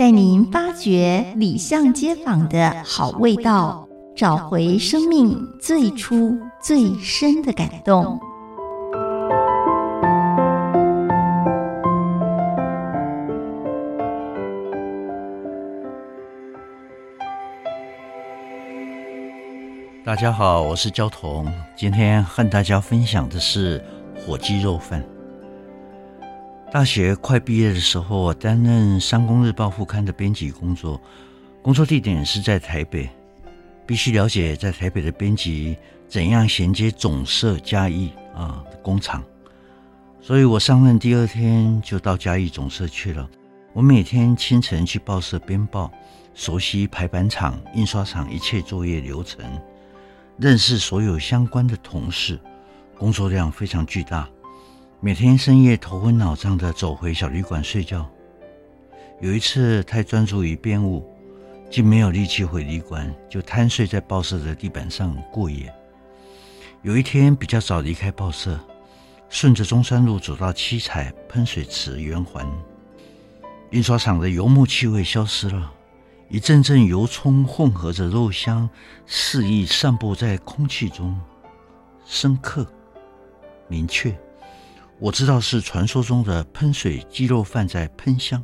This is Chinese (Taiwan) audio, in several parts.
帶您發掘里巷街坊的好味道，找回生命最初最深的感動。大家好，我是焦桐，今天和大家分享的是火雞肉飯。大學快畢業的時候，我擔任《商工日報》副刊的編輯工作，工作地點是在台北。必須了解在台北的編輯怎樣銜接總社嘉義啊工廠，所以我上任第二天就到嘉義總社去了。我每天清晨去報社編報，熟悉排版廠、印刷廠一切作業流程，認識所有相關的同事，工作量非常巨大。每天深夜頭昏腦脹地走回小旅館睡覺。有一次太專注於編務，竟沒有力氣回旅館，就癱睡在報社的地板上過夜。有一天比較早離開報社，順着中山路走到七彩噴水池圓環，印刷廠的油墨氣味消失了，一陣陣油蔥混合着肉香肆意散布在空氣中，深刻，明確。我知道是傳說中的噴水雞肉飯在噴香，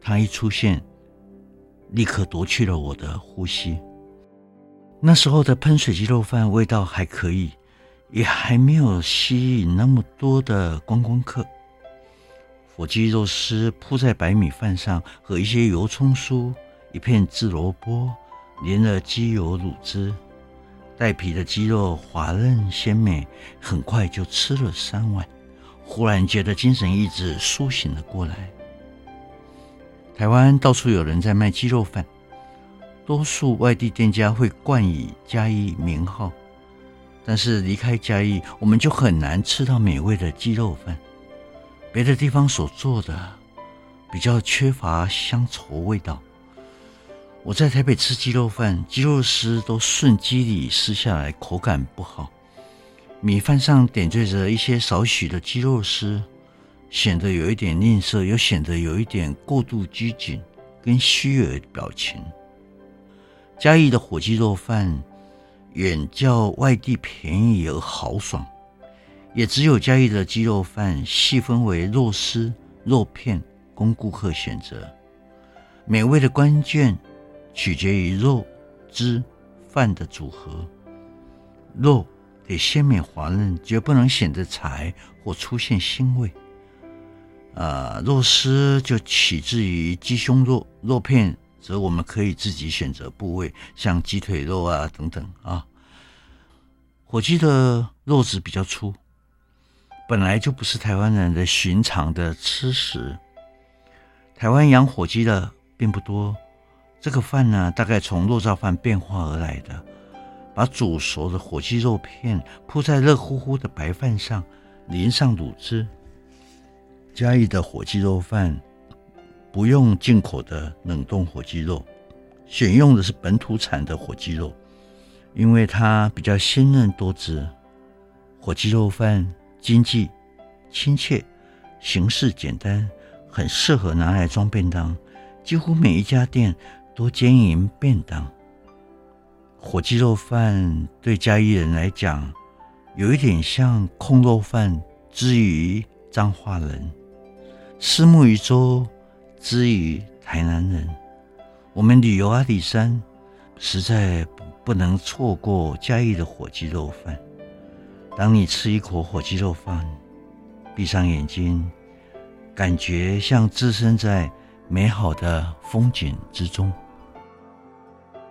它一出現，立刻奪去了我的呼吸。那時候的噴水雞肉飯味道還可以，也還沒有吸引那麼多的觀光客。火雞肉絲鋪在白米飯上，和一些油蔥酥，一片漬蘿蔔，淋了雞油滷汁。帶皮的雞肉滑嫩鮮美，很快就吃了三碗。忽然覺得精神意志蘇醒了過來。台灣到處有人在賣雞肉飯，多數外地店家會冠以嘉義名號，但是離開嘉義，我們就很難吃到美味的雞肉飯。別的地方所做的，比較缺乏香稠味道。我在台北吃雞肉飯，雞肉絲都順肌理撕下來，口感不好。米飯上點綴着一些少許的雞肉絲，顯得有一點吝嗇，又顯得有一點過度拘謹跟虛偽表情。嘉義的火雞肉飯遠較外地便宜而豪爽，也只有嘉義的雞肉飯細分為肉絲、肉片供顧客選擇，美味的關鍵。取決於肉、汁、飯的組合。肉得鮮美滑嫩，絕不能顯得柴或出現腥味。啊，肉絲就取自於雞胸肉，肉片則我們可以自己選擇部位，像雞腿肉啊等等啊。火雞的肉質比較粗，本來就不是台灣人的尋常的吃食。台灣養火雞的並不多。這個飯呢，大概從肉燥飯變化而來的，把煮熟的火雞肉片鋪在熱乎乎的白飯上，淋上滷汁。嘉義的火雞肉飯不用進口的冷凍火雞肉，選用的是本土產的火雞肉，因為它比較鮮嫩多汁。火雞肉飯經濟、親切、形式簡單，很適合拿來裝便當。幾乎每一家店，多兼營便當，火雞肉飯對嘉義人來講，有一點像爌肉飯之於彰化人，虱目魚粥之於臺南人。我們旅遊阿里山，實在不能錯過嘉義的火雞肉飯。當你吃一口火雞肉飯，閉上眼睛，感覺像置身在美好的風景之中。